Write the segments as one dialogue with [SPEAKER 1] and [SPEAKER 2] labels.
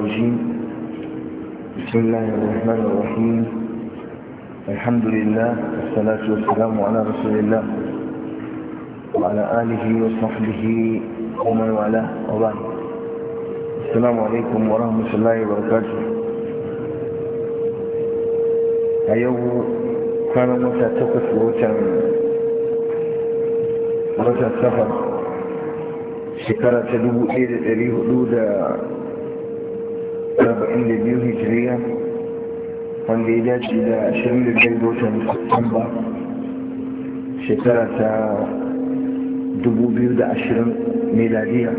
[SPEAKER 1] الرجيم بسم الله الرحمن الرحيم الحمد لله والصلاة والسلام على رسول الله وعلى آله وصحبه ومن والاه وبعد السلام عليكم ورحمة الله وبركاته أيوه كان متى تقف وتم وتم سفر شكرة دبو إيد الريه in the new Hijriya on the Ijaj ila Shirin Ibn Dutan Kutamba shekara ta dubu biyu da ashirin miladiya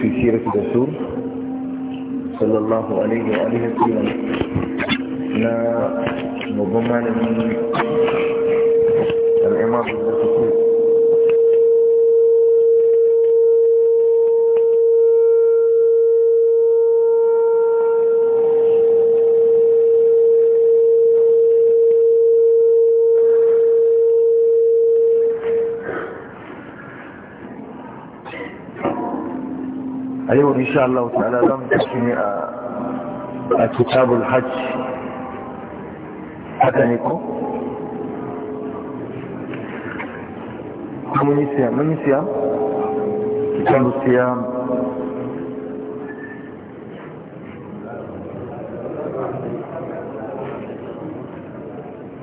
[SPEAKER 1] fi sirat da sallallahu alaihi wa alihi wasallam na mabban malami al-imam da suke اليوم ان شاء الله تعالى لم تشمي كتاب الحج حتى نكو كم نسيا من نسيا كتاب الصيام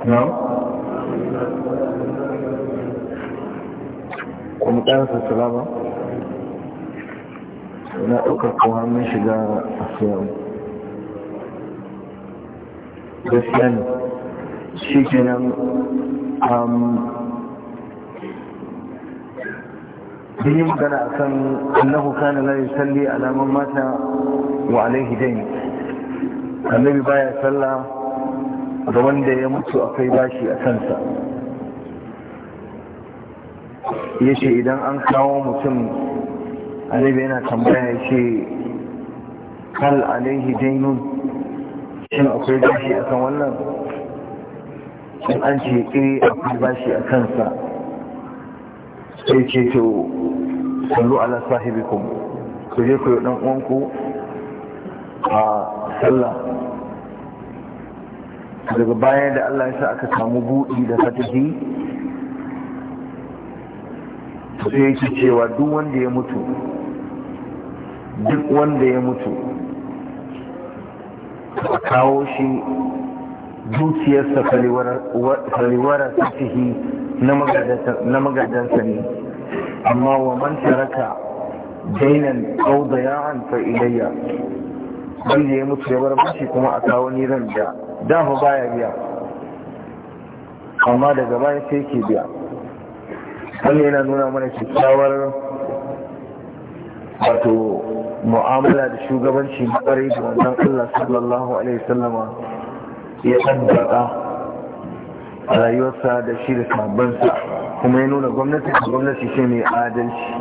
[SPEAKER 1] نعم ومتعرف السلامه na ɗaukar kuma mun shiga asiyawu gaskiya ne shi ke nan. Um, yi magana a kan annahu kana la salli ala mata wa alaihi dai. annabi baya salla ga wanda ya mutu akwai bashi a kansa yace idan an kawo mutum annabi yana tambaya ya ce hal alaihi dainun shin akwai bashi a kan wannan in an ce kiri eh, akwai bashi a kansa sai ce to sallu ala sahibikum ku je ku yi dan uwanku a sallah daga bayan da Allah ya sa aka samu buɗi da fatihi sai yake cewa duk wanda ya mutu duk wanda ya mutu a kawo shi dukiyarsa faliwara safihi na magadansa ne amma wa man taraka dainan au da yawon fa'ilayya wanda ya mutu ya bar mashi kuma a kawo ni ran da dama baya biya amma daga baya sai ke biya wani yana nuna mana kyakkyawar wato mu'amala da shugabanci na kwarai da wannan Allah sallallahu alaihi sallama ya a rayuwarsa da shi da sabbansa kuma ya nuna gwamnati da gwamnati shi mai adalci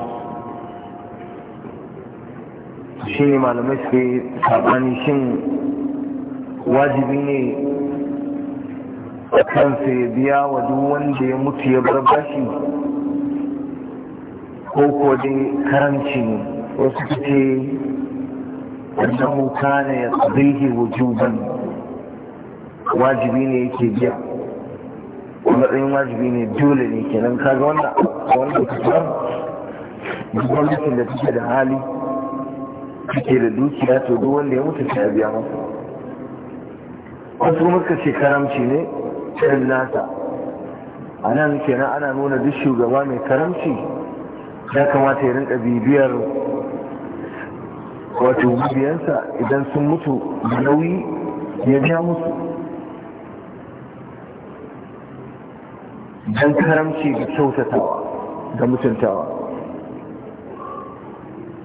[SPEAKER 1] shi ne malamai suka sabani shin wajibi ne a kansa ya biya wa duk wanda ya mutu ya bar bashi ko ko dai karanci ne wasu su ce annahu kana yaqdihi wujuban wajibi ne yake biya matsayin wajibi ne dole ne kenan kaga wannan wannan kasar gwamnatin da take da hali take da dukiya to duk wanda ya mutu ta biya masa wasu suka ce karamci ne irin nasa a nan kenan ana nuna duk shugaba mai karamci ya kamata ya rinka bibiyar wato mabiyansa idan sun mutu da nauyi ya biya musu don karamci da kyautatawa da mutuntawa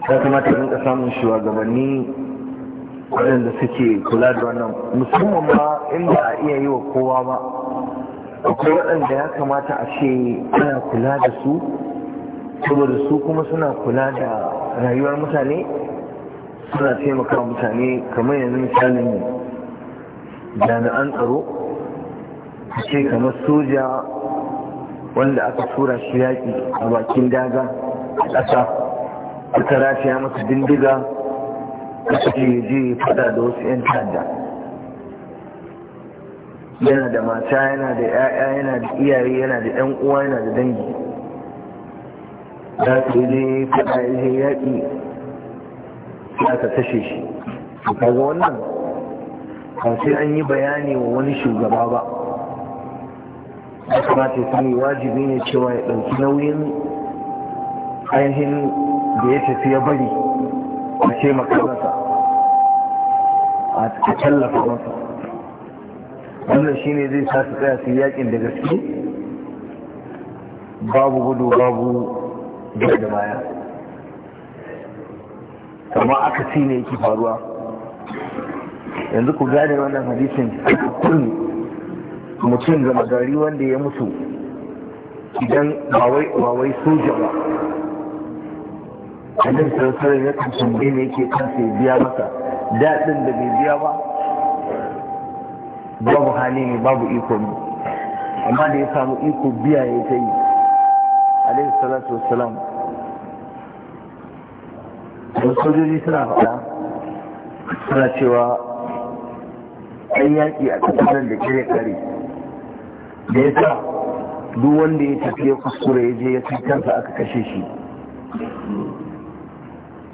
[SPEAKER 1] ya kamata rinka samun shugabanni waɗanda suke kula da wannan musamman ma inda a iya yi wa kowa ba akwai waɗanda ya kamata a ce ana kula da su saboda su kuma suna kula da rayuwar mutane suna taimaka mutane kamar yanzu misalin jami'an tsaro a ce kamar soja wanda aka tura shi yaƙi a bakin daga a ƙasa shi ya masa bindiga a ce je fada da wasu 'yan ta'adda yana da mata yana da 'ya'ya yana da iyaye yana da 'yan uwa yana da dangi za ta yi zai faɗa yaƙi sai aka shi to kaga wannan ba sai an yi bayani wa wani shugaba ba ya kamata ya sani wajibi ne cewa ya ɗauki nauyin ainihin da ya tafi ya bari a ce masa a tallafa masa wannan shine zai sa su tsaya su yakin da gaske babu gudu babu da baya amma aka ci ne yake faruwa yanzu ku gane wannan hadisin kun mutum da magari wanda ya mutu idan bawai bawai soja ba annabi sallallahu ya kan tambaye ne yake kansa ya biya masa daɗin da bai biya ba babu hali ne babu iko ne amma da ya samu iko biya ya ta yi alaihi salatu wassalam da sojoji suna faɗa suna cewa an yaƙi a ƙasar da kare kare da ya sa duk wanda ya tafi ya kuskure ya je ya fi kansa aka kashe shi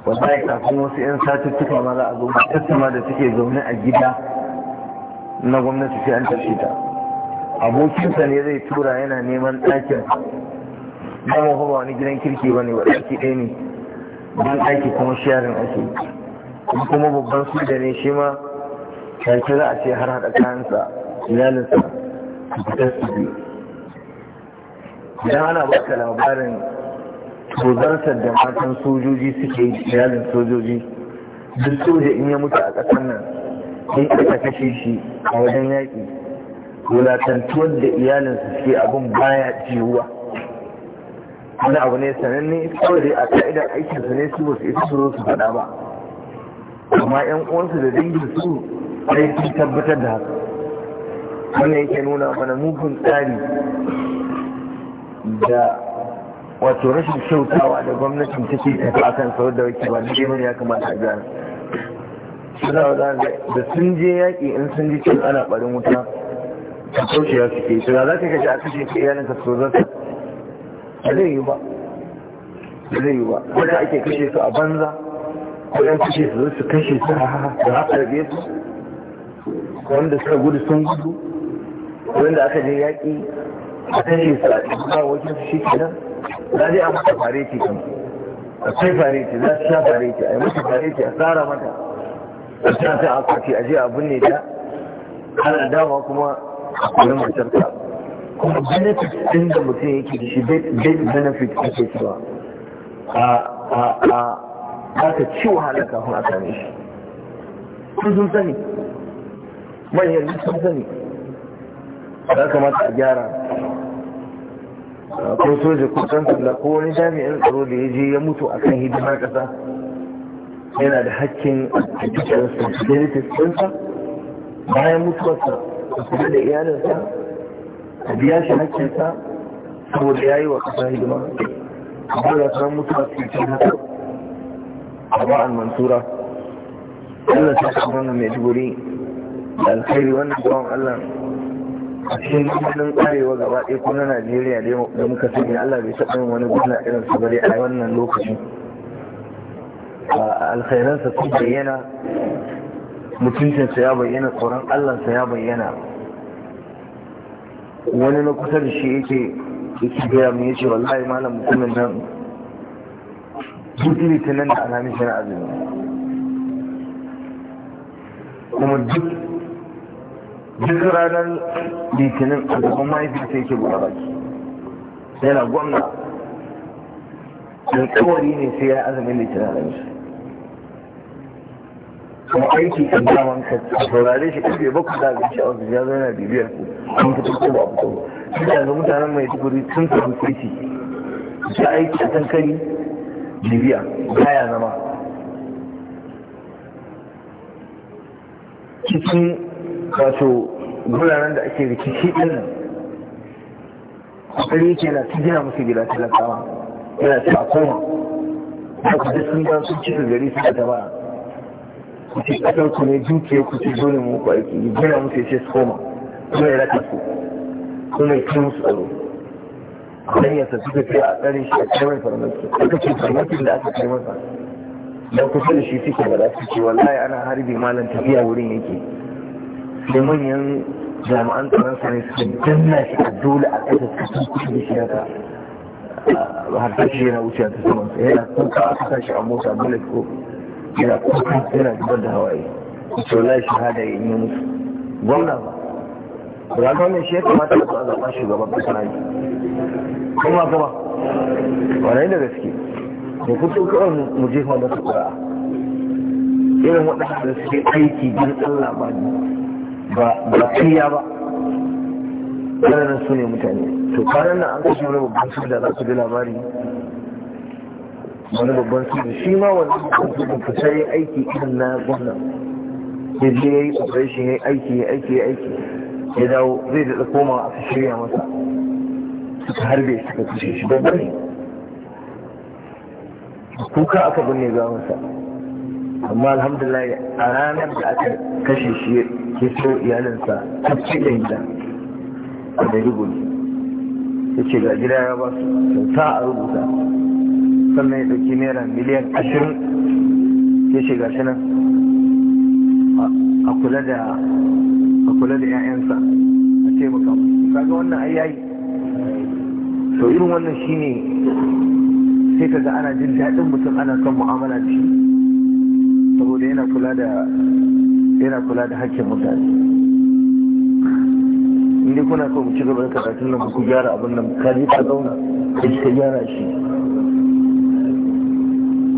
[SPEAKER 1] wata ya kafin wasu 'yan satuttuka ma za a zo matattama da suke zaune a gida na gwamnati sai an tashi ta abokinsa ne zai tura yana neman ɗakin ba mu ba wani gidan kirki bane wa ɗaki ɗaya ne don aiki kuma sharin ake kuma babban su da ne shi ma take za a ce har haɗa kayansa iyalinsa su fitar su biyu idan ana baka labarin tozartar da matan sojoji suke iyalin sojoji duk soja in ya mutu a ƙasar nan in aka kashe shi a wajen yaƙi wulatantuwar da iyalinsa suke abin baya jiwuwa wani abu ne sananne kawai dai a ka'idar aikin su ne su ba su isa su su faɗa ba amma yan uwansu da dangin su sai sun tabbatar da haka wannan yake nuna mana mugun tsari da wato rashin kyautawa da gwamnatin take tafi a kan sau da wake ba ne bane ya kamata a gyara suna da da sun je yaƙi in sun ji cin ana ɓarin wuta a kauce ya suke to za ka gaji a kashe ka iyalinka su zo su ba zai yi ba ba zai yi ba wanda ake kashe su a banza ko yan kashe su su kashe su da haka rabe su wanda suka gudu sun gudu wanda aka je yaƙi a kashe su a cikin wajen su shi kenan za dai a mata fareti kan akwai fareti za su sha fareti a yi mata fareti a tsara mata a sa ta akwati a je a binne ta ana dama kuma a kullum matarka kuma benefit ɗin da mutum yake da shi big benefit ake cewa a za ka ci wahala kafin a same shi sun sun sani manyan duk sun sani ya kamata a gyara ko soja ko ɗan sanda ko wani jami'in tsaro da ya je ya mutu a kan hidimar ƙasa yana da hakkin a cikin responsibilities ɗinsa bayan mutuwarsa a kuma da iyalinsa ka biya shi hakkinsa saboda ya yi wa ƙasa hidima amma da san mutuwa cikin haka a ba'an mantura. Allah ta kama na Maiduguri da alkhairi wannan tsawon Allah a cikin gudunin karewa gaba ɗaya kuma Najeriya da muka sani Allah bai taɓa yin wani gudun irin su bare a wannan lokacin alkhairansa sun bayyana mutuncinsa ya bayyana tsoron Allahnsa ya bayyana wani na kusa da shi yake yake gaya mu yace wallahi malam mutumin nan duk litinin da alhamis yana azumi kuma duk duk ranar litinin a gaban mahaifinsa yake buɗe baki yana gwamna don kawari ne sai ya azumin litinin alhamis kuma aiki kan daman ka saurare shi kafe bakwai da abinci a wasu jazo yana bibiyar ku an ta ko ba fito shi yanzu mutanen mai tukuri sun samu kirki shi aiki a kan kari bibiya baya zama cikin wato guraren da ake rikici ɗin nan kokari yake na ta gina musu gida talakawa yana ta a koma ba duk sun ba sun cika gari suka ta Ku ci kasar ku ne dukiya ku ci dole mu ku aiki ya gina musu ya ce su koma kuma ya raka ku kuma ya kai musu tsaro dan ya sa suka ce a tsare shi a kai mai farmaki aka ce farmakin da aka kai masa Da ku da shi suke ba za su ce wallahi ana harbi malam tafiya wurin yake sai manyan jami'an tsaron sa ne suka danna shi a dole a kasa kasan kuɗi da shi haka har ta shi yana wuce ta saman sa yana kuka aka sa shi a mota bullet ko yana kuka yana zubar da hawaye to la shahada ya yi musu gwamna ba ba ga wannan shi ya kamata da a zaɓa shugaban kasa ne kuma kuma wani da gaske da kusa kawai mu je kuma masa ƙura'a irin waɗanda suke aiki don Allah ba ba kariya ba waɗannan su ne mutane to kwanan nan an kashe wani babban su da za su bi labari wani babban soja shi ma wani babban soja fita ya aiki idan na gwamna ya je ya yi operation ya yi aiki ya aiki ya aiki ya dawo zai da koma a shirya masa suka harbe suka kushe shi babban ne kuka aka binne za masa amma alhamdulillah a ranar da aka kashe shi ya so iyalinsa ta ce da gida a da ya ce ga gida ya ba su sauta a rubuta sannan ya ɗauki naira miliyan ashirin ya ce gashi nan a kula da 'ya'yansa a ce baka kaga wannan ai yayi to irin wannan shine sai kaga ana jin daɗin mutum ana son mu'amala da shi saboda yana kula da yana kula da hakkin mutane inda kuna so mu ci gaba da karatun nan ku gyara abin nan ka je ka zauna ka gyara shi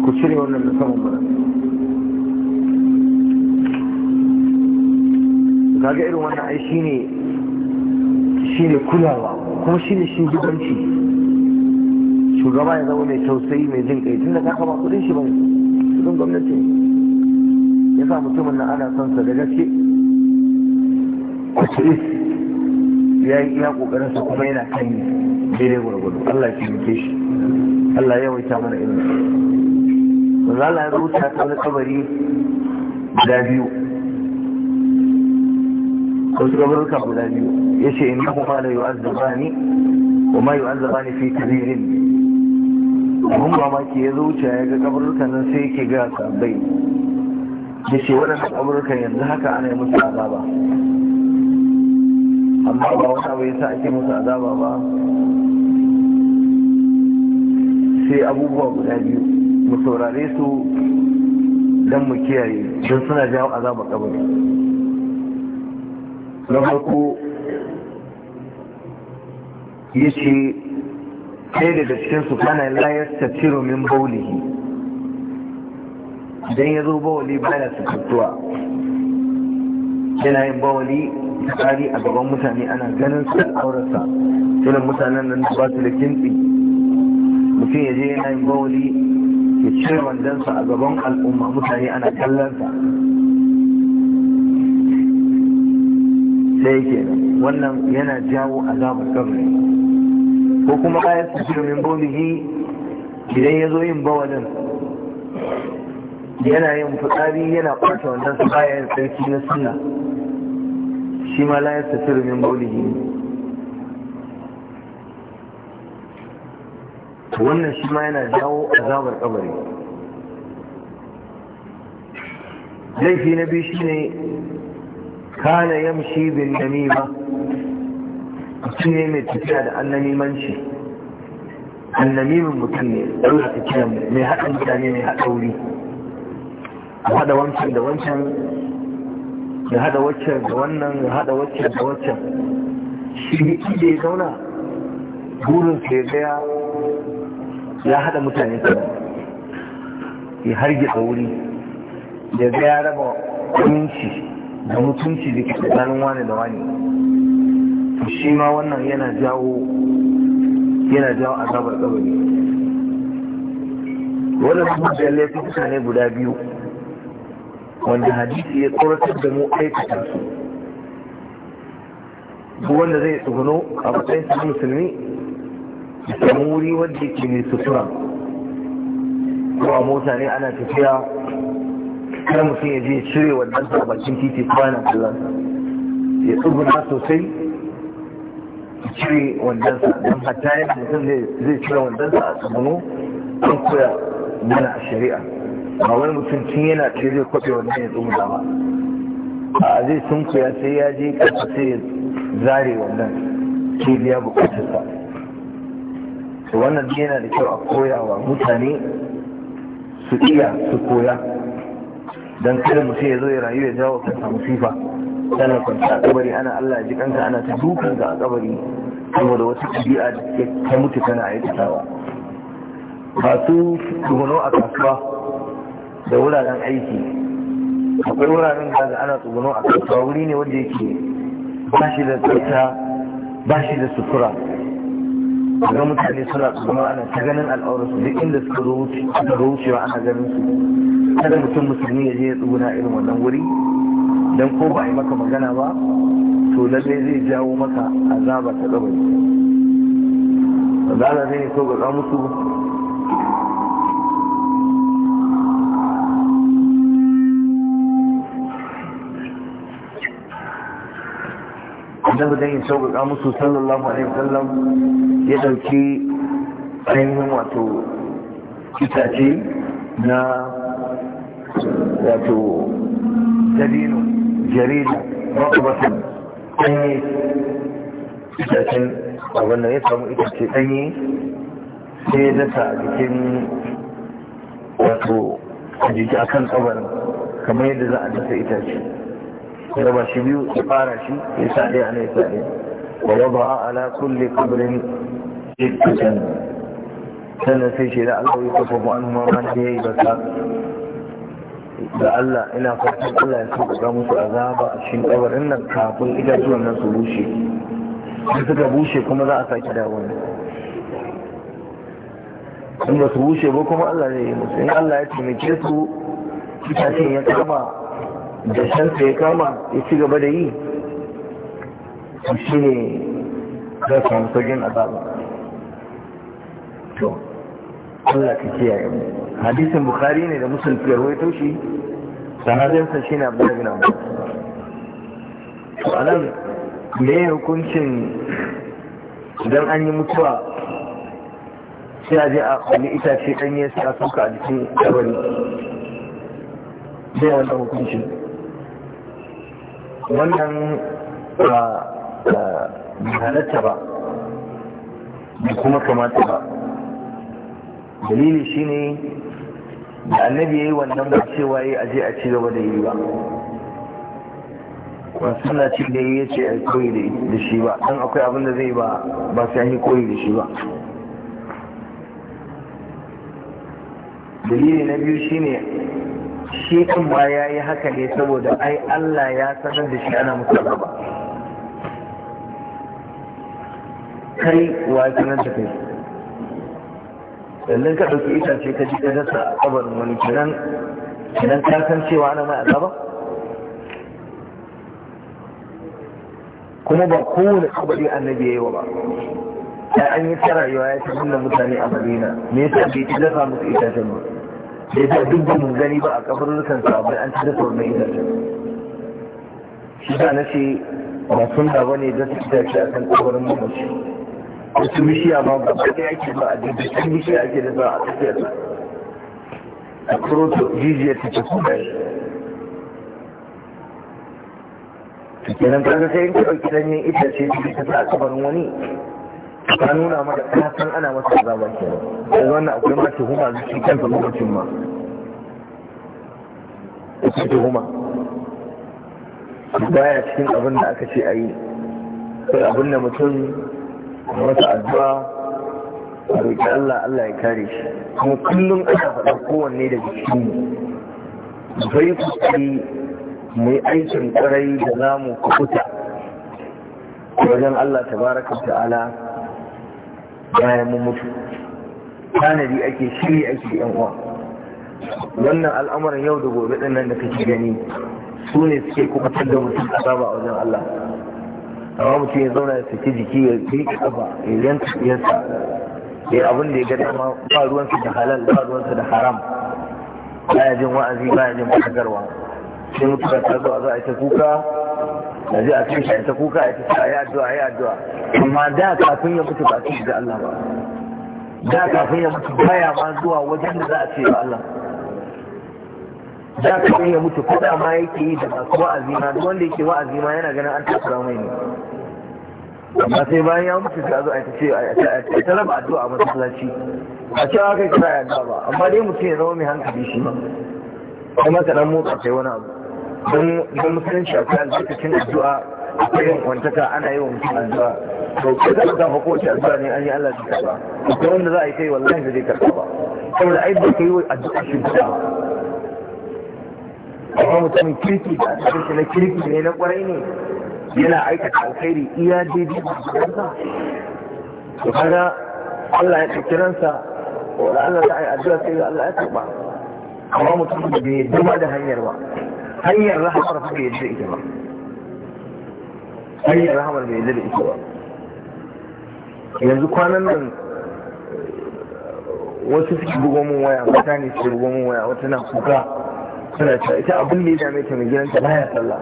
[SPEAKER 1] ku cire wannan da saman mana kaga irin wannan ai shine shine kulawa kuma shine shugabanci shugaba ya zama mai tausayi mai jin kai tunda ka ba kudin shi bane kudin gwamnati ya sa mutumin nan ana son sa da gaske ya yi iya kokarin sa kuma yana kan daidai gwargwado Allah ya taimake shi Allah ya yawaita mana irin zala ya rubuta ta wani kabari guda biyu wasu kabaruka guda biyu ya ce in kuma da yi azzaba ne kuma yi azzaba ne fi kabirin abin mamaki ya zuce ya ga kabaruka nan sai yake ga sabai ya ce waɗannan kabaruka yanzu haka ana yi musu azaba amma ba wani abu ya sa ake musu azaba ba sai abubuwa guda biyu mu saurare su don mu kiyaye don suna jawo azaba kabari na farko ya ce ɗaya daga cikinsu kana layar ciro min baulihi idan ya zo bawali baya su fituwa yana yin bawali tsari a gaban mutane ana ganin su al'aurarsa irin mutanen nan ba su da kintsi mutum ya je yana yin bawali ya cire wandonsa a gaban al'umma mutane ana kallonsa sai ke wannan yana jawo azabar kabari ko kuma bayan su cire min idan ya zo yin bawalin yana yin fitsari yana kwata wandonsa bayan sarki na suna shi ma la ya min wannan shi ma yana jawo azabar kabari laifi na biyu shine kana yamshi bin namima mutum ne mai tafiya da annamimanci annamimin mutum ne da tafiya mai haɗa mutane mai haɗa wuri a haɗa wancan da wancan ya haɗa waccan da wannan ya haɗa waccan da waccan shi ne ya zauna burinsa ya gaya ya haɗa mutane kan ya hargitsa wuri ya ga ya raba kuminci da mutunci da ke tsakanin wani da wani shi ma wannan yana jawo yana jawo azabar kabari wannan kuma da laifin ne guda biyu wanda hadisi ya tsoratar da mu aikata su wanda zai tsuguno a matsayin musulmi samu wanda wadda ke mai sutura ko a mota ne ana tafiya kar mutum ya je cire wannan a bakin titi kwanan kallon ya tsubuna sosai ya cire wandonsa don hatta yana mutum zai cire wandonsa a tsamano an koya mana a shari'a ba wani mutum tun yana ce zai kwafe wannan ya tsubuna ba a zai sun koya sai ya je kasa sai ya zare wannan ke biya bukatarsa to wannan yana da kyau a koya wa mutane su iya su koya don kada mutum ya zo ya rayu ya jawo samu sifa tana kwanci a kabari ana Allah ji kanka ana ta dukan a kabari saboda wata ɗabi'a da ke ta mutu tana aikatawa masu tsuguno a kasuwa da wuraren aiki akwai wuraren da ana tsuguno a kasuwa wuri ne wanda yake ba shi da tsafta ba shi da sutura daga mutane suna tsoma ana ta ganin al'aurarsu duk inda suka zo wucewa ana ganin su kada mutum musulmi ya je ya tsuguna irin wannan wuri don ko ba a yi maka magana ba to lallai zai jawo maka azaba ta za zala zai so ga musu annabi dan ya sauƙaƙa musu sallallahu alaihi wasallam ya ɗauki ainihin wato itace na wato ɗanye itacen abin da ya samu itace ɗanye sai ya dasa a jikin wato a jiki akan tsabarin kamar yadda za a dasa itace raba shi biyu ya fara shi ya sa ana ya sa ɗaya wa wada ala kulli qabrin sittatan sannan sai shi da Allah ya kafa mu annu ma da yayi da Allah ina fatan Allah ya sauka musu a cikin kabarin nan kafin itatuwan nan su bushe in suka bushe kuma za a sake dawo ne in ba su bushe ba kuma Allah zai yi musu in Allah ya taimake su itacen ya kama da shansa ya kama ya ci gaba da yi to shi ne za su samu sojin azaba to Allah ka kiyaye mu hadisin bukhari ne da musul fiyar wai taushi sanadinsa shi ne abu da bin abu to a nan me hukuncin idan an yi mutuwa sai a je a kwalli itace ɗanye sai a suka a jikin kabari zai wanda hukuncin wannan ba halatta ba da kuma kamata ba dalili shine da annabi ya yi wannan ba cewa ya aje a ci gaba da yi ba ba suna ci da ya ce a koyi da shi ba don akwai abin da zai ba ba sai an yi koyi da shi ba dalili na biyu shi ne. shi ɗin ma ya yi haka ne saboda ai Allah ya sanar da shi ana musulma kai wa ya sanar da kai sannan ka ɗauki itace ka ji ka dasa a kabarin wani kiran kiran ka san cewa ana mai azaba kuma ba kowane kabari annabi ya yi wa ba ya an yi ta rayuwa ya ta nuna mutane a madina me yasa bai ta dasa musu itacen ba da duk da mun gani ba a kabarurkan sabu an ci da sauran itace shi da na ce ba sun da wani da su shi a kan kabarin mamaci wasu bishiya ma ba ba ɗaya ke ba a dindindin bishiya ake da za a tafiya ba. a kuro to jijiyar ta ce kuma kenan kaga sai yanke ɗauki ɗanyen ce ta sa a kabarin wani ka nuna mata ka san ana masa azaba kenan sai wannan akwai ma tuhuma zuci kansa lokacin ma ita tuhuma baya cikin abin da aka ce a yi sai abin da mutum wata addu'a a roƙi Allah Allah ya kare shi kuma kullum ana faɗa kowanne da jikin mu bai mu yi aikin ƙwarai da za mu kukuta wajen Allah tabaraka ta'ala bayan mu mutu tanadi ake shiri ake yan uwa wannan al'amuran yau da gobe din nan da kake gani su ne suke kubutar da mutum azaba a wajen Allah amma mutum ya zauna ya saki jiki ya riƙe kafa ya yanka yasa ya abin da ya ga dama ba ruwansa da halal ba ruwansa da haram baya jin wa'azi baya jin fadagarwa sai mutuwa ta zo a za a ta kuka da zai a cikin shi ta kuka ya tafi a yi addu'a ya addu'a amma da kafin ya mutu ba su da Allah ba da kafin ya mutu baya ma zuwa wajen da za a ce ba Allah da kafin ya mutu kuɗa ma yake yi da masu wa'azi ma duk wanda yake wa'azi ma yana ganin an takura mai ne amma sai bayan ya mutu sai a zo a ta ce a ta raba addu'a a masallaci a ce kai kira ya addu'a ba amma dai mutum ya zama mai hankali shi ma kuma ka dan motsa kai wani abu don musulunci a kan lokacin addu'a akwai yin wantaka ana yi wa mutum addu'a to ko da ka fa kowace addu'a ne an yi Allah zai karba akwai wanda za a yi kai wallahi zai karba ba saboda ai ba kai addu'a shi ba amma mutumin kirki da addu'a na kirki ne na kwarai ne yana aikata alkhairi iya daidai da to kaga Allah ya ɗauki ransa wa Allah ta yi addu'a sai Allah ya karba amma mutum da bai dama da hanyar ba hanyar rahamar ba yadda ita ba hanyar rahamar yadda ita ba yanzu kwanan nan wasu suke bugo mun waya wata ne suke bugo mun waya wata na kuka suna cewa ita abin da ya dame ta mai gidanta baya sallah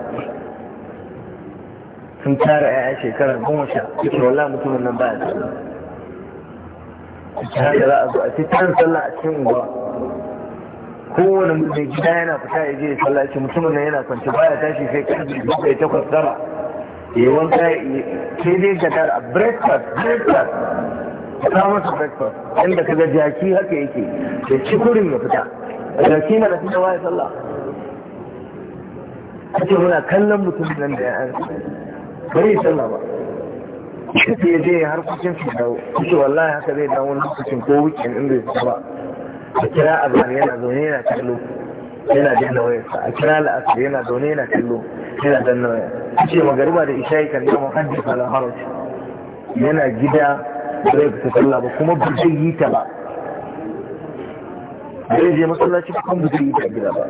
[SPEAKER 1] sun tara yaya shekara goma sha ita walla mutumin nan baya sallah ta za a zo a ce tarin sallah a cikin unguwa kowane mutum gida yana fita ya je sallaci mutumin na yana kwanci baya tashi sai karfi ya takwas tara ya wanka ke dai ga tara breakfast breakfast ka sa masa breakfast inda ka ga jaki haka yake da ci ya fita A jaki da fita waya sallah a ce muna kallon mutumin nan da ya an bari sallah ba shi ya je harkokin su dawo shi wallahi haka zai dawo lokacin ko wikin inda ya ba a kira azan yana zaune yana kallo yana danna wayarsa a kira la'asar yana zaune yana kallo yana danna waya ce magariba da isha'i kan dama hajji ala haraj yana gida zai fita sallah ba kuma ba zai yi ta ba zai je masallaci kuma ba zai yi ta gida ba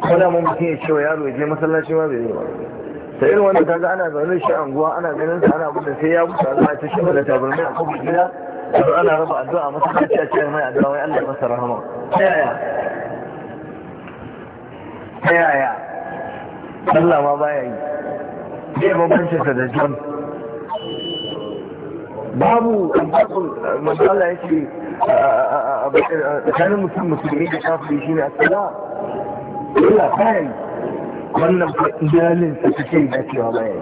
[SPEAKER 1] kuma da mun mutum ya cewa yaro ya je masallaci ma bai yi ba sai irin ta kaga ana zaune shi anguwa ana ganin sa ana gudun sai ya mutu a zama ta shi da tabarmai a kuma gida الدعاء انا رضا الدعاء ما تخطي اشياء ما يعد الله ويقلق ما سره ما يا يا يا يا ما بايعي ليه ما بنشف هذا الجن بابو الدخل ما شاء الله ايش بي كان المسلم مسلمين يخاف بيجيني اسئلة لا فاهم قلنا مجالس تشيب اكيد والله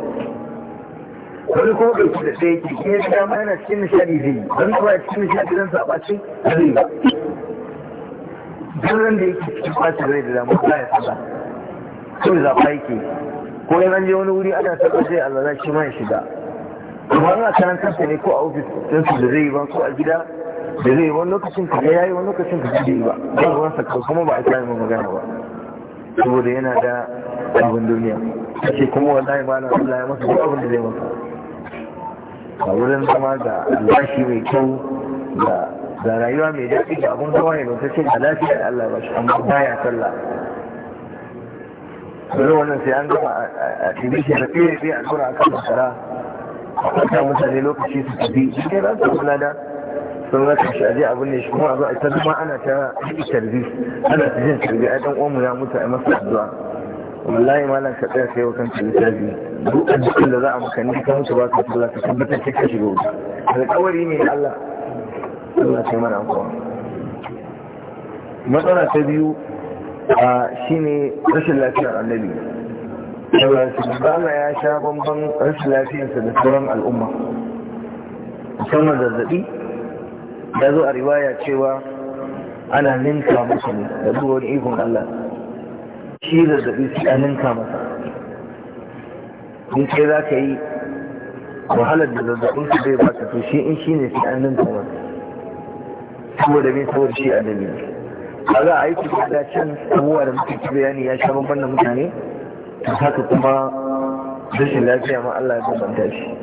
[SPEAKER 1] wani kuma bai kuɗa da yake shi ya dama yana cikin nishadi zai yi wani kuma ya cikin nishadi zan saba ce zai ba duk ran da yake cikin ɓacin rai da damu ba ya saba kawai zaɓa yake ko in an je wani wuri ana taɓa zai alwala shi ma ya shiga amma ina karan kansa ne ko a ofis su da zai yi ba ko a gida da zai wani lokacin ka ya yi wani lokacin ka zai yi ba ba ruwan sa kuma ba a kayan magana ba saboda yana da abin duniya sai kuma wallahi ba na Allah ya masa duk abin da zai masa a wurin zama ga albashi mai kyau da rayuwa mai daɗi da abun hawa ne ta ce da lafiyar Allah ba shi amma baya sallah wani wannan sai an gama a tibi shi da tsere tsere a tura akan masara a kwanta mutane lokaci su tafi shi ne za su lada sun raka shi aje abin ne shi kuma a zo a ta zama ana ta yi tarbi ana ta jin tarbi a ɗan mu ya mutu a masa addu'a wallahi malam ka tsaya sai wakan kan lissafi duk addu'an da za a maka ni kan su ba ka sallah ka tabbatar sai ka shiga wuta alƙawari ne Allah Allah sai mana ko matsala ta biyu a shine rashin lafiyar annabi Allah ya sha bamban rashin lafiyarsa da sauran al'umma musamman zazzabi ya zo a riwaya cewa ana ninka musu ne da wani ikon Allah shi zazzabi sai a masa in kai za ka yi wahalar da zazzabin su zai baka to shi in shi ne sai an ninka masa saboda bin saboda shi annabi ne a za a yi kuma da can abubuwa da muke ci bayani ya sha bambam da mutane to haka kuma rashin lafiya ma Allah ya bambanta shi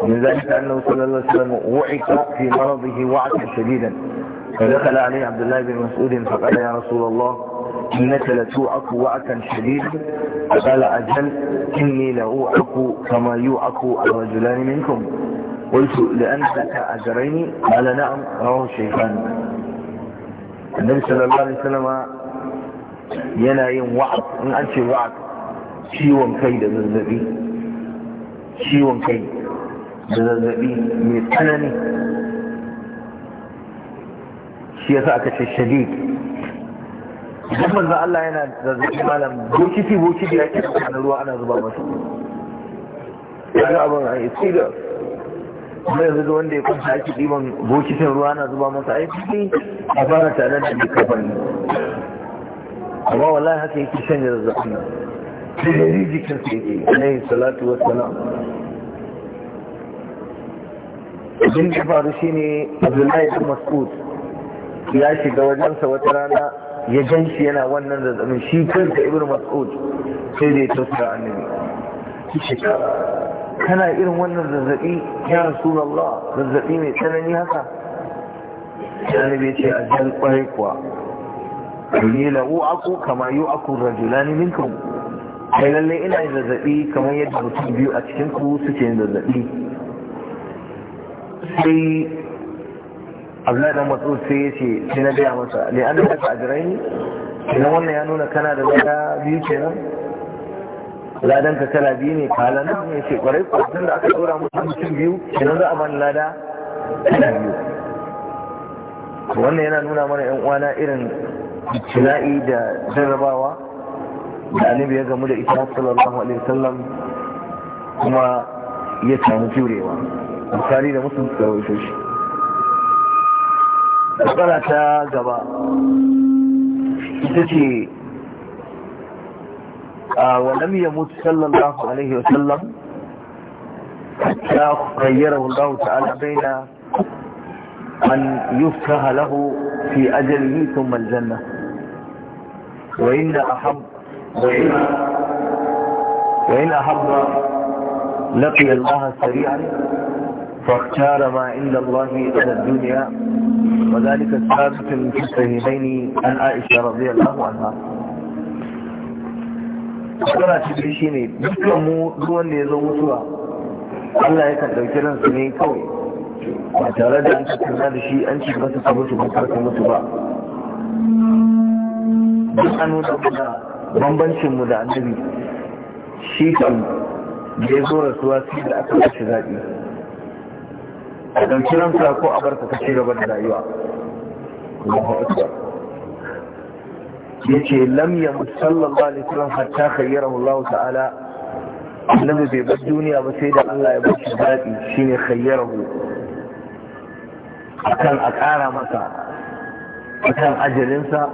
[SPEAKER 1] من ذلك أنه صلى الله عليه وسلم وعك في مرضه وعكا شديدا فدخل عليه عبد الله بن مسعود فقال ya رسول إنك لتوعك وعكا شديدا قال أجل إني لأوعك كما يوعك الرجلان منكم قلت لأنك أجرين قال نعم رواه الشيخان النبي صلى الله عليه وسلم ينايم وعد إن أنت وعد شيء كيد da النبي شيء كيد من النبي mai tsanani shi yasa duk manzo Allah yana zazzabi malam bokiti bokiti ya ke na ruwa ana zuba masa yana abin a isi da mai yanzu wanda ya kwanta ake ɗiban bokitin ruwa ana zuba masa aiki a fara tare da duka fanni amma wallahi haka yake shanya zazzabi nan sai da jikin sa yake yi salatu wassalam abin da faru shine abdullahi bin mas'ud ya shiga wajensa wata rana ya gan shi yana wannan zazzabin shi kanka ibn mas'ud sai da ya tausaya annabi shi kana irin wannan zazzabi ya rasulullah zazzabi mai tsanani haka annabi ya ce ajal kwarai kuwa ni la'u aku kama yu aku rajulani minkum kai lalle ina yin zazzabi kamar yadda mutum biyu a cikin ku suke yin zazzabi sai abu dan matsu sai ya ce sai na biya masa ne an daga ajirai ne idan wannan ya nuna kana da zaka biyu nan. ladan ka tala biyu ne kala nan ya ce kwarai kwarai da aka ɗora mutum mutum biyu Ina za a bani lada kala biyu wannan yana nuna mana yan uwana irin ibtila'i da jarrabawa da annabi ya gamu da ita sallallahu alaihi wasallam kuma ya samu jurewa misali da da tsaro shi magana ta gaba ita ce a walam ya mutu sallallahu alaihi wasallam ta rayyara wallahu ta'ala baina an yuftaha lahu fi ajalihi thumma aljanna wa inna ahab wa in ahabba laqiya Allah sari'an فاختار ما عند الله إلى الدنيا وذلك ثابت في الصحيحين عن عائشة رضي الله عنها Kuma cikin shi ne dukkan ruwan da ya zo mutuwa Allah ya kan ɗauki ransu ne kawai ba tare da an tattauna da shi an ci masa ka mutu ba ka mutu ba duk an nuna mu da bambancin mu da annabi shi kan da ya zo rasuwa sai da aka kashe zaɓi a ɗauki ransa ko a barka ka ci gaba da rayuwa yace lam yamut sallallahu alaihi wasallam hatta khayyarahu Allah ta'ala annabi bai bar duniya ba sai da Allah ya bashi zabi shine khayyarahu akan a ƙara masa akan ajalinsa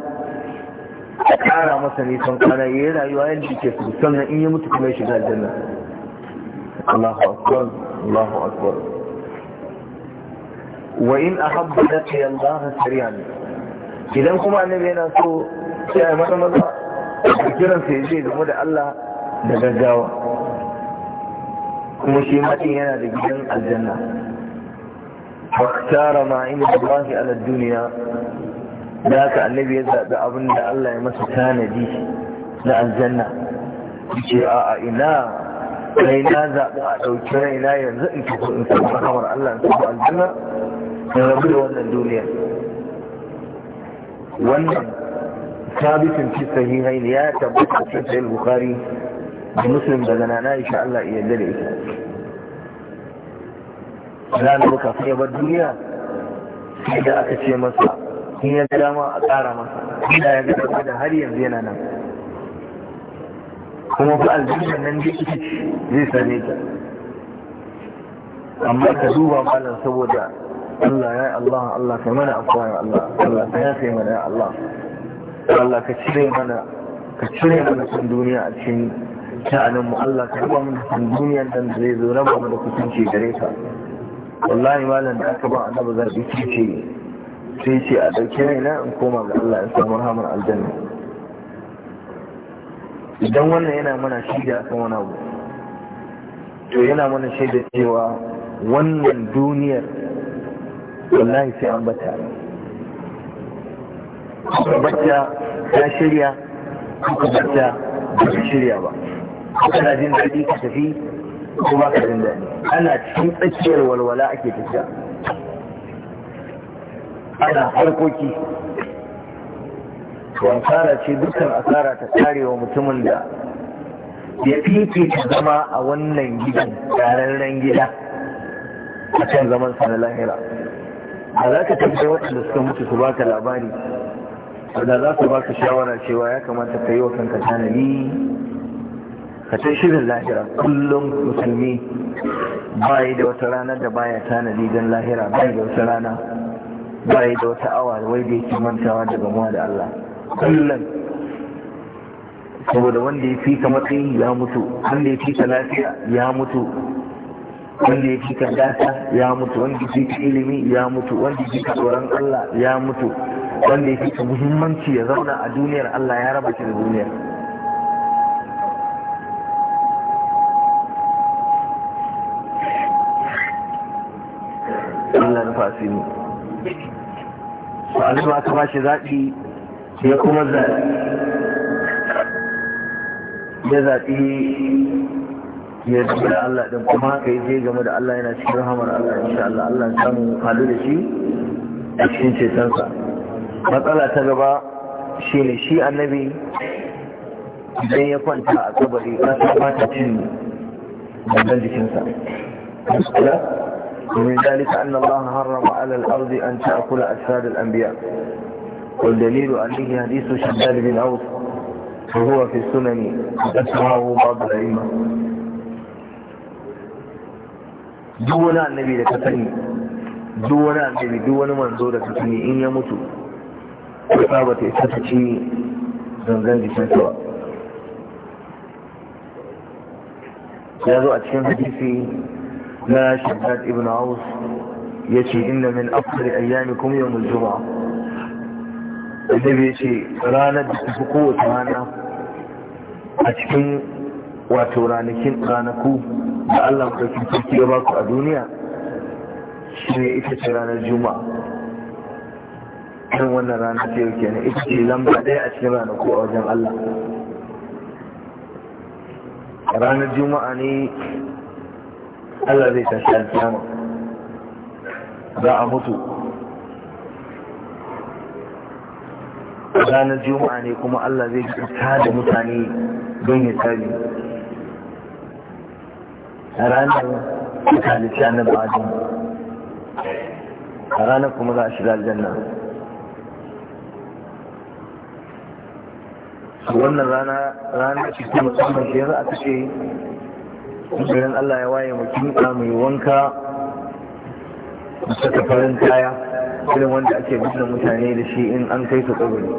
[SPEAKER 1] a ƙara masa nisan kwana ya yi rayuwa yadda ke sannan in yi mutu kuma ya shiga aljanna Allahu akbar Allahu akbar wa in ahabba laka Allah sariyan idan kuma annabi yana so sai a mata maza kiran sai zai game da Allah da gaggawa kuma shi mutum yana da gidan aljanna faktara ma inda Allah ala duniya da haka annabi ya zaɓi abin da Allah ya masa tanadi na aljanna ce a ina sai na zaɓi a ɗauki raina yanzu in tafi in samu rahamar Allah in samu aljanna ya rabu da wannan duniya wannan sabitin ci sahihai ne ya tabbata cikin sahih bukhari da muslim daga nana insha Allah iya da ita ranar buka sai bar duniya sai da aka ce masa in ya ga dama a tsara masa ina ya ga da har yanzu yana nan
[SPEAKER 2] kuma ba aljanna
[SPEAKER 1] nan da zai sane ta amma ka duba malam saboda Allah ya Allah Allah kai mana afuwa ya Allah Allah ka yafe mana ya Allah Allah ka cire mana ka cire mana san duniya a cikin sha'anin mu Allah ka raba mana san duniyan dan zai zo ba mu da kusanci gare ka wallahi malam da aka ba annabi zabi ce sai ce a dauke raina in koma ga Allah in samu rahamar aljanna idan wannan yana mana shida kan wani abu to yana mana shaida cewa wannan duniyar wallahi sai an bata aka bata ta shirya kuka bata ba ta shirya ba kana jin daɗi ka tafi ko ba ka jin daɗi ana cikin tsakiyar walwala ake tafiya ana harkoki to ce dukkan asara ta karewa mutumin da ya fifi ta zama a wannan gidan ƙararren gida a can zaman sa na lahira ba za ka tambayi waɗanda suka mutu su baka labari da za su baka shawara cewa ya kamata ka yi wa kanka tanadi ka ta shirin lahira kullum musulmi bayi da wata rana da baya tanadi don lahira bayi da wata rana bayi da wata awa wai da yake mantawa da gamuwa da Allah kullum saboda wanda ya fi ka matsayi ya mutu wanda ya fi ka lafiya ya mutu wanda ya fika data ya mutu wanda ya fika ilimi ya mutu wanda ya fika tsoron Allah ya mutu wanda ya fika muhimmanci ya zauna a duniyar Allah ya raba shi da duniyar Allah na fasi mu a zuwa ta bashi zaɓi ya kuma zaɓi ya zaɓi ya zama da Allah din kuma haka ya je game da Allah yana cikin rahamar Allah insha Allah Allah samu halu da shi a cikin cetonsa matsala ta gaba shi ne shi annabi idan ya kwanta a kabari ka saba ta cin gangan jikinsa ومن ذلك أن الله حرم a الأرض أن تأكل أجساد الأنبياء والدليل عليه حديث شداد بن عوف وهو في السنن قد بعض الأئمة duk wani annabi da ka sani duk wani annabi duk wani manzo da ka sani in ya mutu ta ba ta isa ta ci zanzan jikinsa ba ya zo a cikin hadisi na shaddad ibn aus ya ce inda min afkari ayyami kuma yau muljuba annabi ya ce ranar da tafi kowace rana a cikin wato ranakin ranaku da Allah ku ɗauki sarki ya baku a duniya shi ne ita ce ranar juma'a kan wannan rana ta yau kenan ita ce lamba ɗaya a cikin ko a wajen Allah ranar juma'a ne Allah zai tashi alkiyama za a mutu ranar juma'a ne kuma Allah zai ta da mutane don ya tsari ranar suka halitta annabi adam a ranar kuma za a shiga aljanna wannan rana rana ce ta musamman shi yanzu aka ce idan Allah ya waye mutum mai wanka mu saka kaya irin wanda ake gudun mutane da shi in an kai su tsibiri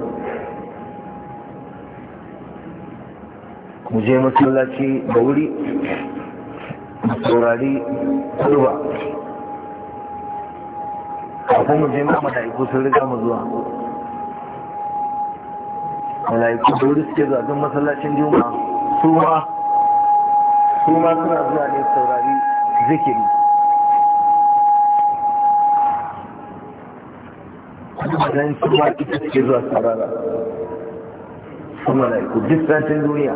[SPEAKER 1] mu je masallaci da wuri saurari kurba a kuma je ma mala'iku sun riga mu zuwa mala'iku wuri suke zuwa don masallacin juma su ma su ma suna zuwa ne saurari zikiri wajen su ma ita suke zuwa saurara su mala'iku duk duniya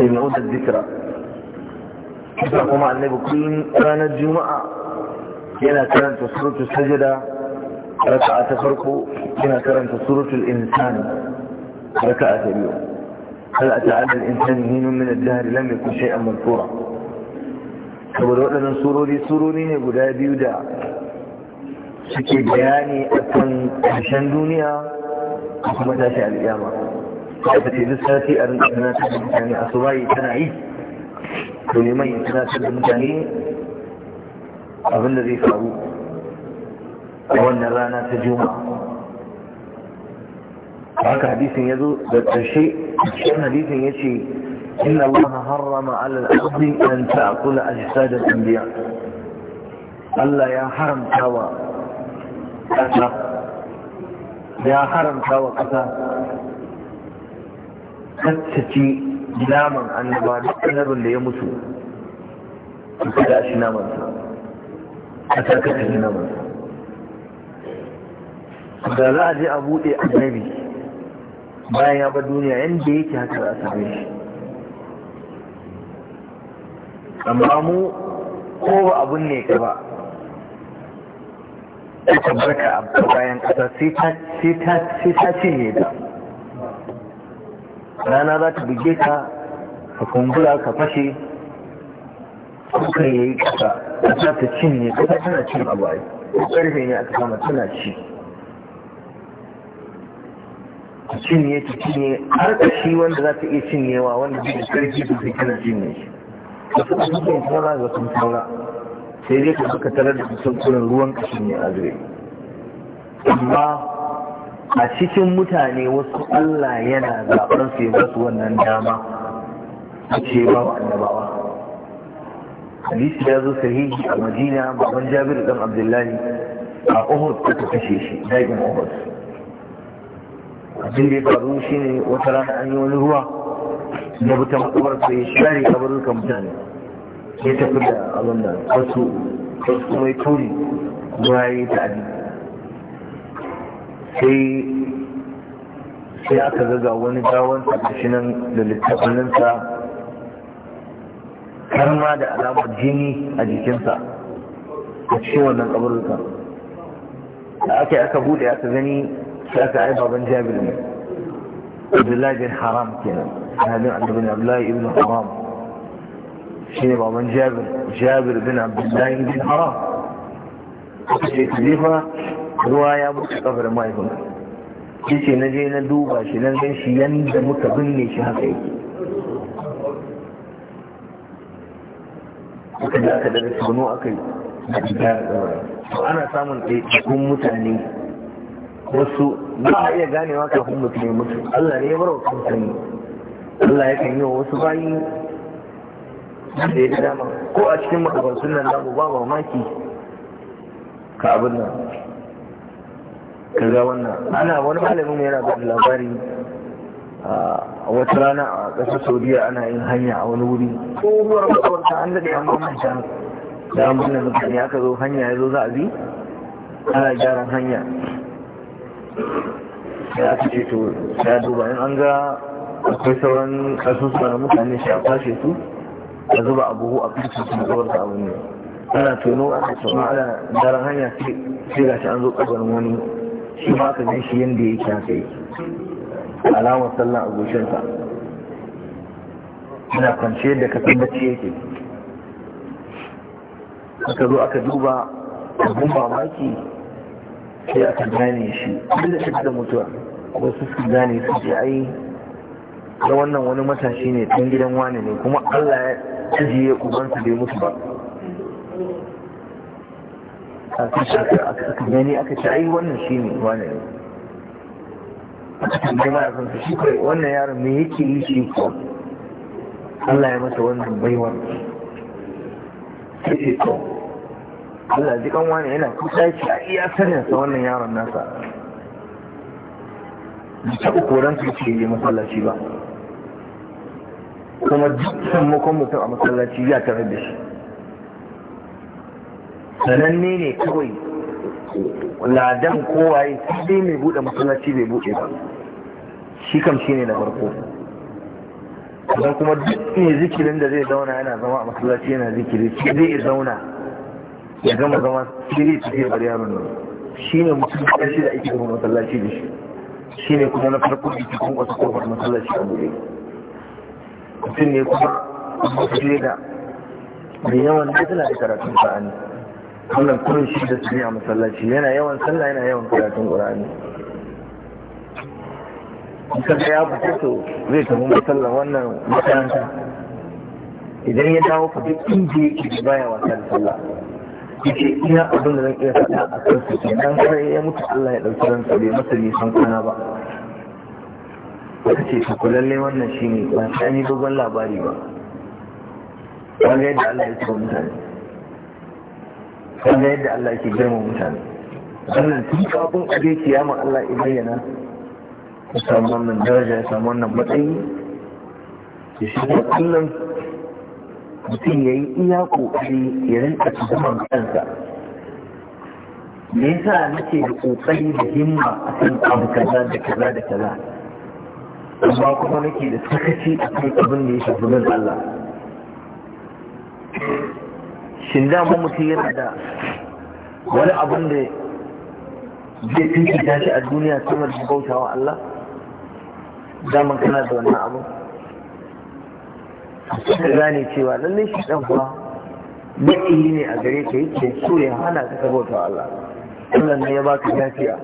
[SPEAKER 1] يستمعون الذكرى كفاقوا مع النبي كلهم كانت جمعة كنا كانت صورة السجدة ركعة فرق كنا كانت صورة الإنسان ركعة اليوم هل أتعاد الإنسان هين من الدهر لم يكن شيئا منفورا فبدو أن نصوره لي صوروني نقول هذا يدع سكي بياني أكن عشان دنيا أخمتها شيئا da ce duk sati a rinka tunatar da mutane a su tana yi to neman ya tunatar mutane abin zai faru a wannan rana ta juma'a haka hadisin ya cikin hadisin ya ce inna Allah harrama ala ardi an ta'kula ajsad anbiya Allah ya haramta wa ƙasa ya haramta wa ƙasa kaccace naman annaba duk annabin da ya mutu su kada shi namansa a tarkace shi namansa da za a je a buɗe annabi bayan ya ba duniya yadda yake haka a same shi amma mu ko ba abun ne ka ba ta barka a bayan ƙasa sai ta cinye da rana za ta buge ka ka kumbura ka fashe kuka ya yi kasa kasa ta cinye kasa tana cin abu a ƙarfe ne aka kama tana ci ta cinye ta cinye har ka shi wanda za ta iya cinyewa wanda zai ƙarfi da zai kana cinye shi wasu abubuwan saura ga sun saura sai dai ka suka tarar da sun ruwan kashin ne a zai amma a cikin mutane wasu Allah yana zaɓar su ya musu wannan dama a ce ba wa annabawa hadisi ya zo sahihi a madina baban jabir dan abdullahi a uhud ta kashe shi dagin uhud abin da ya faru shi ne wata rana an yi wani ruwa da wuta makabar su ya share kabarukan mutane ya tafi da abin da wasu kuma ya tori ruwa ya yi sai aka zaga wani gawan tattashi da littafinsa har ma da alamar jini a jikinsa a cikin wannan kaburinsa da ake aka bude aka gani sai aka ai baban jabir ne abdullahi bin haram kenan sahabin annabi abdullahi ibn haram shine baban jabir jabir bin abdullahi bin haram aka ce ka jefa ruwa ya buɗe kafar mahaifin ce na je na duba shi na gan shi yadda muka binne shi haka yake suka da aka daga tono aka yi a cikin to ana samun ɗaiɗaikun mutane wasu ba a iya ganewa kafin mutum ya mutu Allah ne ya bar wa kansa ne Allah ya kan yi wa wasu bayi da ya dama ko a cikin makabarsun nan namu ba mamaki ka abin nan kaga wannan ana wani malamin mu yana da labari a wata rana a ƙasar saudiya ana yin hanya a wani wuri tsohuwar makaranta an daɗe an mamanta da an bunne mutane aka zo hanya ya zo za a bi ana gyaran hanya ya aka ce to ya duba in an ga akwai sauran ƙasusuwa na mutane shi a kwashe su a zuba a buhu a kan su tsawar da abu ne ana tono ana tono ana gyaran hanya sai ga shi an zo ƙasar wani shi ma ka gan shi yadda ya haka alamar sallah a goshinsa muna kwance da ka tambaci yake aka zo aka duba abin mamaki sai aka gane shi duk da da mutuwa wasu su gane su ce ai da wannan wani matashi ne tun gidan wane ne kuma allah ya ajiye ubansa bai mutu ba aka gani aka ce ai wannan shi ne wannan aka tambaye ma yaron shi kai wannan yaron me yake yi shi ko Allah ya masa wannan baiwar sai to Allah ji kan wani yana kusa yake a iya sanin sa wannan yaron nasa da taɓa koran su ke yi masallaci ba kuma duk sammakon mutum a masallaci ya tare da shi sananne ne kawai ladan kowaye sai mai buɗe masallaci bai buɗe ba shi kam shi ne na farko don kuma duk ne zikirin da zai zauna yana zama a masallaci yana zikiri shi zai zauna ya gama zama shiri ta zai bar yaron nan shi ne mutum ƙarshe da ake gama masallaci da shi shi ne kuma na farko da cikin wasu kofar masallaci a buɗe mutum ne kuma a da mai yawan da suna da karatun sa'ani wannan kurin shi da su a masallaci yana yawan sallah yana yawan karatun ƙur'ani kusan ya fito so zai tafi masallan wannan makaranta idan ya dawo fa duk inda yake da baya wasa da sallah kuke ina abin da zan iya faɗa a kan su kenan kare ya mutu Allah ya ɗauki ransa bai masa nisan kwana ba wata ce ta wannan shine ba sai an yi dogon labari ba wanda yadda Allah ya ce mutane kan yadda Allah ke girma mutane wannan tun kafin a je kiyama Allah ya bayyana ya samu wannan daraja ya samu wannan matsayi ya shiga kullum mutum ya yi iya ƙoƙari ya rinka zaman kansa me yasa nake da ƙoƙari da himma a kan abu kaza da kaza da kaza amma kuma nake da sakaci a kan abin da ya shafi Allah shin dama mutum yana da wani abin da zai fifita shi a duniya sama da bauta wa Allah daman kana da wannan abin suka gane cewa lallai shi ɗan fa maƙiyi ne a gare ka yake so ya hana ka ka bauta wa Allah Allah ne ya baka lafiya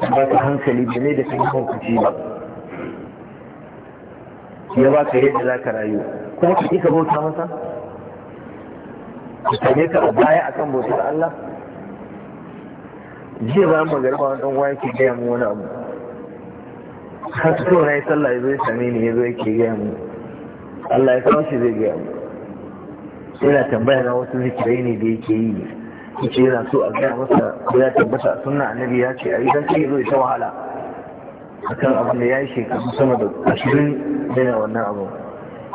[SPEAKER 1] ba ka hankali da ne da kan hankuci ba ya baka yadda za ka rayu kuma ka ƙi ka bauta masa kare ka a baya akan bautar Allah jiya ba mu garba wani dan wani ke gaya mu wani abu har so na yi sallah ya zo ya same ni ya zo yake gaya mu Allah ya kawo shi zai gaya mu yana tambaya na wasu zikirai ne da yake yi yace yana so a gaya masa ko ya tabbata sunna annabi ya ce a yi dan sai ya zo ya ta wahala akan abin da ya yi shekaru sama da ashirin yana wannan abu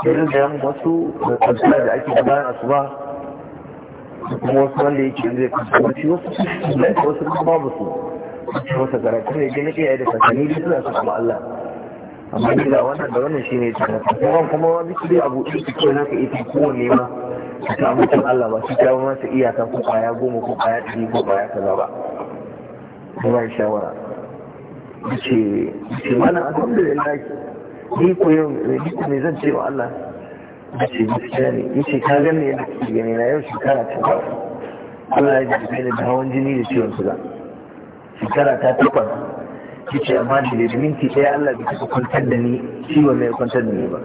[SPEAKER 1] irin da yan wasu da da ake bayan asuba kuma wasu wanda yake yanzu ya kasuwanci wasu da wasu kuma ba su cikin wata karatu ne gani iyaye da kakanni da suna su kuma Allah amma ni da wannan da wannan shine tsara kuma kuma wani kudi abu ɗin su ke naka ita kowanne nema? a ta mutum Allah ba su kawo masa iyaka ko kwaya goma ko kwaya ɗari ko kwaya kaza ba kuma ya shawara ce ce mana alhamdulillah ni ko yau ni ko me zan ce wa Allah da na yau ta jini ciwon ta amma da da minti ɗaya Allah bai taɓa kwantar da ni ciwon na kwantar ni ba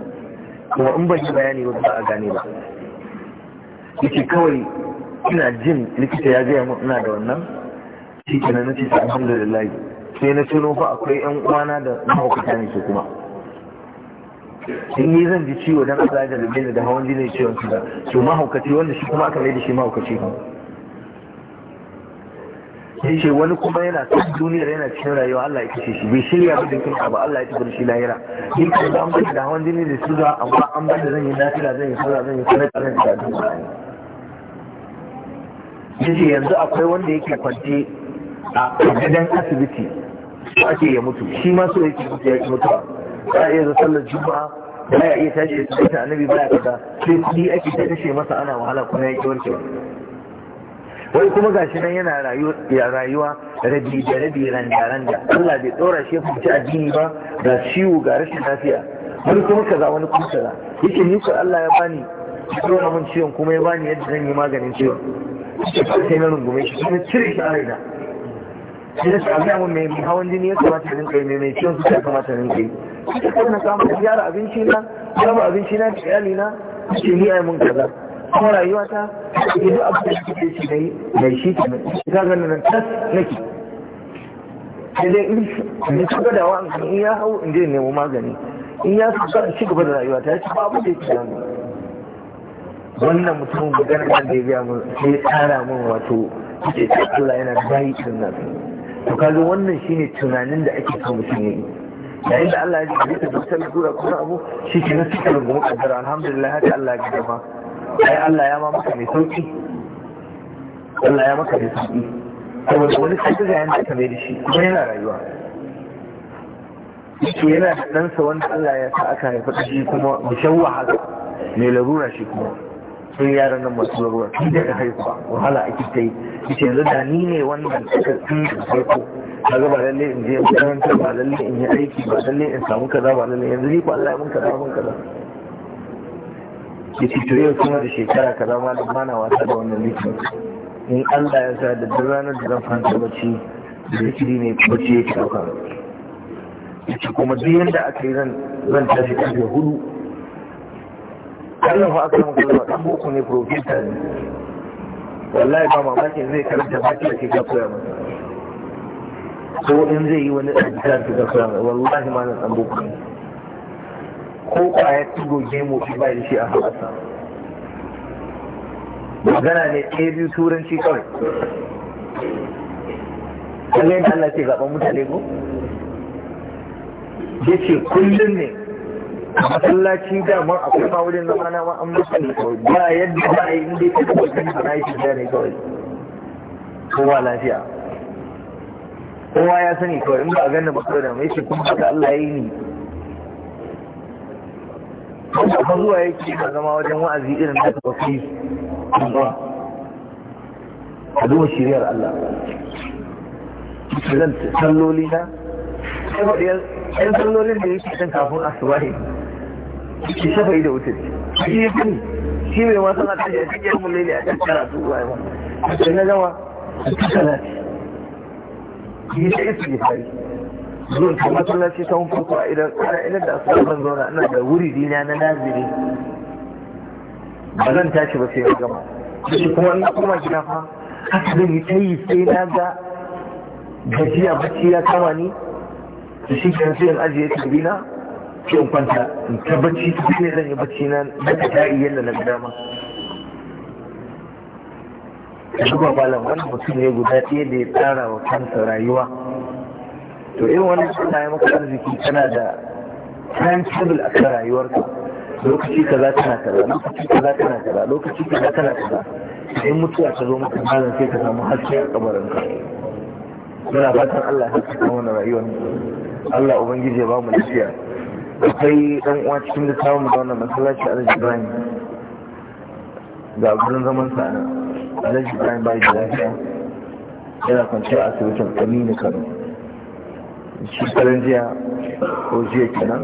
[SPEAKER 1] kuma in bayani ba ba gane ba kawai ina jin likita ya gaya ina da wannan shi kenan na alhamdulillah sai na tuno ba akwai yan uwana da mahaukata ne su kuma in yi zan ji ciwo don Allah da lulle da hawan jini ciwon da to mahaukaci wanda shi kuma aka mai da shi mahaukaci ne ce wani kuma yana son duniyar yana cikin rayuwa Allah ya kashe shi bai shirya ba dinkin abu Allah ya tafi shi lahira in ka ga an bada da hawan jini da suga amma an bada zan yi nafila zan yi sallah zan yi sadaka zan yi sadaka yace yanzu akwai wanda yake kwanci a gidan asibiti ake ya mutu shi ma so yake mutu ya mutu ba iya zo sallar juma'a ba ya iya tashi da ta annabi ba ya kaza sai kuɗi ake ta kashe masa ana wahala kuma ya ki warkewa wai kuma gashi nan yana rayuwa rabi da rabi randa randa Allah bai tsora shi ya fahimci addini ba ga ciwo ga rashin lafiya wani kuma kaza wani kuma kaza yake ni ko Allah ya bani tsora mun ciwon kuma ya bani yadda zan yi maganin ciwon sai na rungume shi sai na cire shi a raina sai na sami mun mai hawan jini ya kamata rinka yi mai ciwon suka kamata rinka yi kuka taimaka mu gyara abinci na raba abinci na da iyali na ce ni ai mun kaza kuma rayuwa ta ke duk abin da kike ci nayi mai shi ta ka ga nan tas nake sai dai in ni ga da wa'an in ya hau in je mu magani in ya fuka ci gaba da rayuwa ta ci babu da yake nan wannan mutum magana nan da ya biya mu sai tsara mun wato ce Allah yana da bayi din nan to kaga wannan shine tunanin da ake so mutum ya yi yayin da Allah ya ji ka dukkan dura kuma abu shi ke na cikin rungumin kaddara alhamdulillah haka Allah ya ji gaba ai Allah ya ma maka mai sauki Allah ya maka mai sauki saboda wani sai ga yayin da mai da shi kuma yana rayuwa yake yana da ɗansa wanda Allah ya sa aka haifa shi kuma mushawwa haka mai larura shi kuma sai yaran nan masu ruwa tun da haihuwa wahala a ta yi ce yanzu da ni ne wannan suka tun da farko na ga ba lalle in je makarantar ba lalle in yi aiki ba lalle in samu kaza ba lalle yanzu ni ko Allah ya mun kaza mun kaza ya ci to yau kuma da shekara kaza ma da mana wasa da wannan litin in Allah ya sa da ranar da zan fanta bacci da ya kiri ne bacci yake ɗauka ya ce kuma duk yadda aka yi zan tashi ƙarfe hudu kallon fa aka musulman kallon dan boko ne professor ne wallahi ba mamakin zai karanta baki da ke ga koya masa ko in zai yi wani ɗan ki ga koya masa wallahi ma na ɗan boko ne ko kwaya tugo gemu shi ba shi a hausa magana ne ɗaya biyu turanci kawai kallon Allah ce zaɓen mutane ko ya ce kullum ne a masallaci damar akwai ma wajen zama na ma an musu kawai ba yadda za a yi inda ya kuma kan sana yi tafiya ne kawai kowa lafiya kowa ya sani kawai in ba a ganna ba kawai da mai shi kuma haka Allah yi ni ba zuwa yake ka zama wajen wa'azi irin da ta fi a duba shiriyar Allah zan salloli sallolin da yake kan kafin ki shafa'i da wutar shi ya fi shi mai masu na tashi a cikin mun laili a kan karatu ba ba a can na gama a kasa na Ki yi ta isi fari zuwa ta masallaci ta farko a idan ana idan da asuwa ban zauna ana da wuri dina na naziri ba zan tashi ba sai ya gama shi kuma ina kuma gina fa haka zan yi ta yi sai na ga gajiya bacci ya kama ni da shi kan sai in ajiye turbina ce in kwanta in ta bacci ta ne zan yi bacci na da ta tari yalla na dama ka duba balan wani mutum ne guda ɗaya da ya tsara wa kansa rayuwa to irin wannan suna ya maka arziki tana da timetable a kan rayuwarka lokaci kaza tana kaza lokaci kaza tana kaza lokaci kaza tana kaza in mutuwa ta zo maka malam sai ka samu haske a kabarinka muna fatan Allah ya saka mana rayuwar Allah ubangiji ya ba mu lafiya akwai dan uwa cikin da samun da wannan masallaci alhaji ibrahim ga gudun zaman sa alhaji ibrahim bai da lafiya yana kwanci a asibitin aminu kano shi karan jiya ko jiya kenan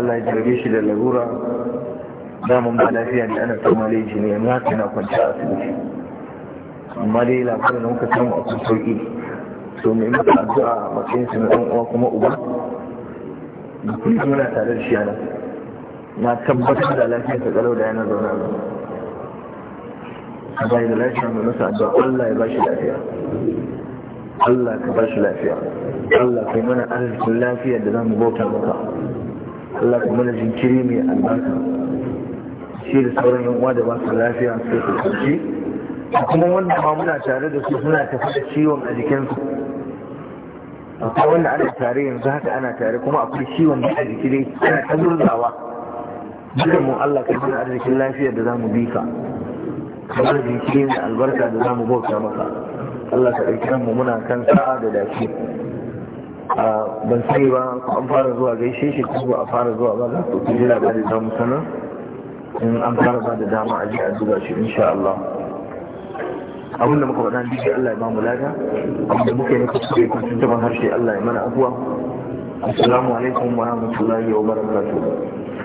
[SPEAKER 1] allah ya jirage shi da larura damun ba lafiya ne ana samun laiji ne yanzu haka yana kwanci a asibiti amma dai labarin da muka samu a kusurki sauki to mai mata addu'a matsayin su na uwa kuma uba kuma muna tare da shi yana na tabbatar da lafiyar ta kalau da yana zaune a bai da lafiyar mai masa addu'a Allah ya bashi lafiya Allah ka bashi lafiya Allah ka yi mana arzikin lafiya da zamu bauta maka Allah ka mana jinkiri mai albarka shi da sauran yan uwa da ba su lafiya sai su kanci kuma wannan ma muna tare da su suna tafi da ciwon a jikinsu akwai wanda ana tare yanzu haka ana tare kuma akwai ciwon da a jiki dai ana ta zurzawa duka mu Allah ka mana arzikin lafiya da zamu bi ka kamar jiki da albarka da zamu bauta maka Allah ka ɗauki mu muna kan sa'a da dace ban sani ba ko an fara zuwa gaishe shi ko ba a fara zuwa ba za su ji mu sanar in an fara ba da dama a ji a duba shi insha Allah abin da muka faɗa an bishe Allah ya ba mu lada abin da muka yi na kuskure ko tuntuban harshe Allah ya mana afuwa assalamu alaikum wa rahmatullahi wa barakatuh